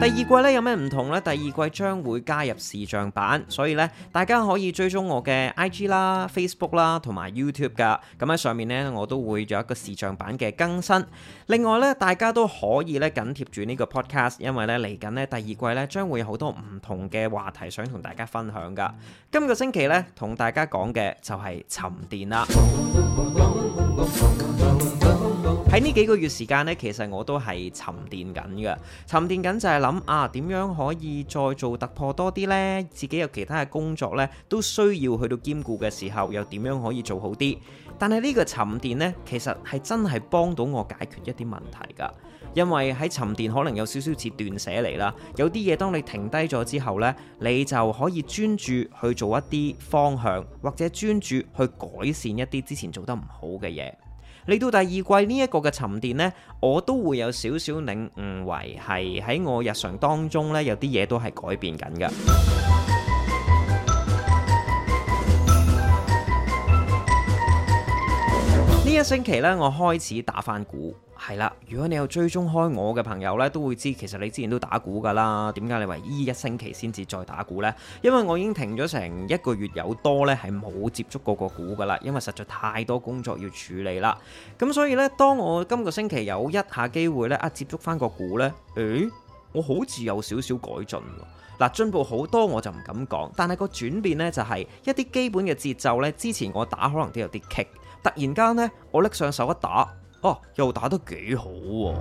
第二季呢有咩唔同呢？第二季將會加入視像版，所以呢大家可以追蹤我嘅 IG 啦、Facebook 啦同埋 YouTube 㗎。咁喺上面呢，我都會有一個視像版嘅更新。另外呢，大家都可以呢緊貼住呢個 podcast，因為呢嚟緊呢第二季呢將會有好多唔同嘅話題想同大家分享㗎。今個星期呢，同大家講嘅就係沉澱啦。喺呢幾個月時間呢，其實我都係沉澱緊嘅。沉澱緊就係諗啊，點樣可以再做突破多啲呢？自己有其他嘅工作呢，都需要去到兼顧嘅時候，又點樣可以做好啲？但係呢個沉澱呢，其實係真係幫到我解決一啲問題㗎。因為喺沉澱可能有少少似斷捨離啦。有啲嘢當你停低咗之後呢，你就可以專注去做一啲方向，或者專注去改善一啲之前做得唔好嘅嘢。嚟到第二季呢一個嘅沉澱呢，我都會有少少領悟，為係喺我日常當中呢，有啲嘢都係改變緊嘅。一星期咧，我開始打翻鼓係啦。如果你有追蹤開我嘅朋友咧，都會知，其實你之前都打鼓噶啦。點解你唯一一星期先至再打鼓呢？因為我已經停咗成一個月有多咧，係冇接觸過個鼓噶啦。因為實在太多工作要處理啦。咁所以呢，當我今個星期有一下機會咧，啊，接觸翻個鼓呢，誒、欸，我好似有少少改進。嗱，進步好多我就唔敢講，但係個轉變呢、就是，就係一啲基本嘅節奏呢，之前我打可能都有啲棘。突然間呢，我拎上手一打，哦、啊，又打得幾好喎、啊！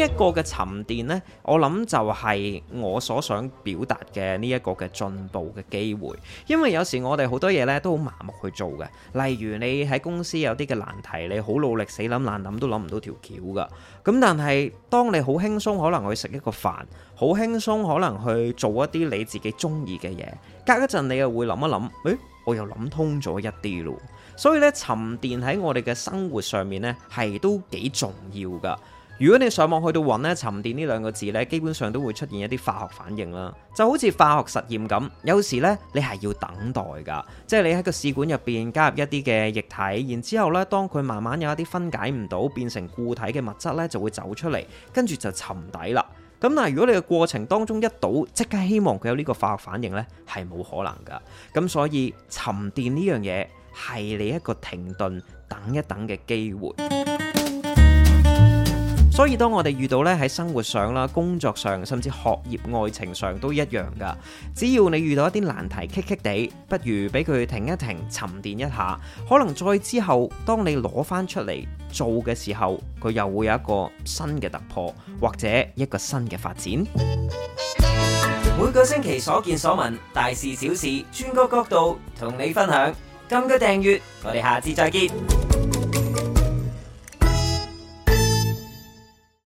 一個嘅沉澱呢，我諗就係我所想表達嘅呢一個嘅進步嘅機會。因為有時我哋好多嘢呢都好麻木去做嘅，例如你喺公司有啲嘅難題，你好努力死諗爛諗都諗唔到條橋噶。咁但係當你好輕鬆，可能去食一個飯，好輕鬆可能去做一啲你自己中意嘅嘢。隔一陣你又會諗一諗，誒、哎，我又諗通咗一啲咯。所以呢，沉澱喺我哋嘅生活上面呢，係都幾重要噶。如果你上網去到揾呢「沉澱」呢兩個字呢，基本上都會出現一啲化學反應啦，就好似化學實驗咁。有時呢，你係要等待㗎，即係你喺個試管入邊加入一啲嘅液體，然之後呢，當佢慢慢有一啲分解唔到變成固體嘅物質呢，就會走出嚟，跟住就沉底啦。咁但係如果你嘅過程當中一倒，即刻希望佢有呢個化學反應呢，係冇可能㗎。咁所以沉澱呢樣嘢係你一個停頓等一等嘅機會。所以當我哋遇到咧，喺生活上啦，工作上，甚至學業、愛情上都一樣㗎。只要你遇到一啲難題棘棘地，不如俾佢停一停，沉澱一下，可能再之後，當你攞返出嚟做嘅時候，佢又會有一個新嘅突破，或者一個新嘅發展。每個星期所見所聞，大事小事，轉個角，角度同你分享。撳個訂閱，我哋下次再見。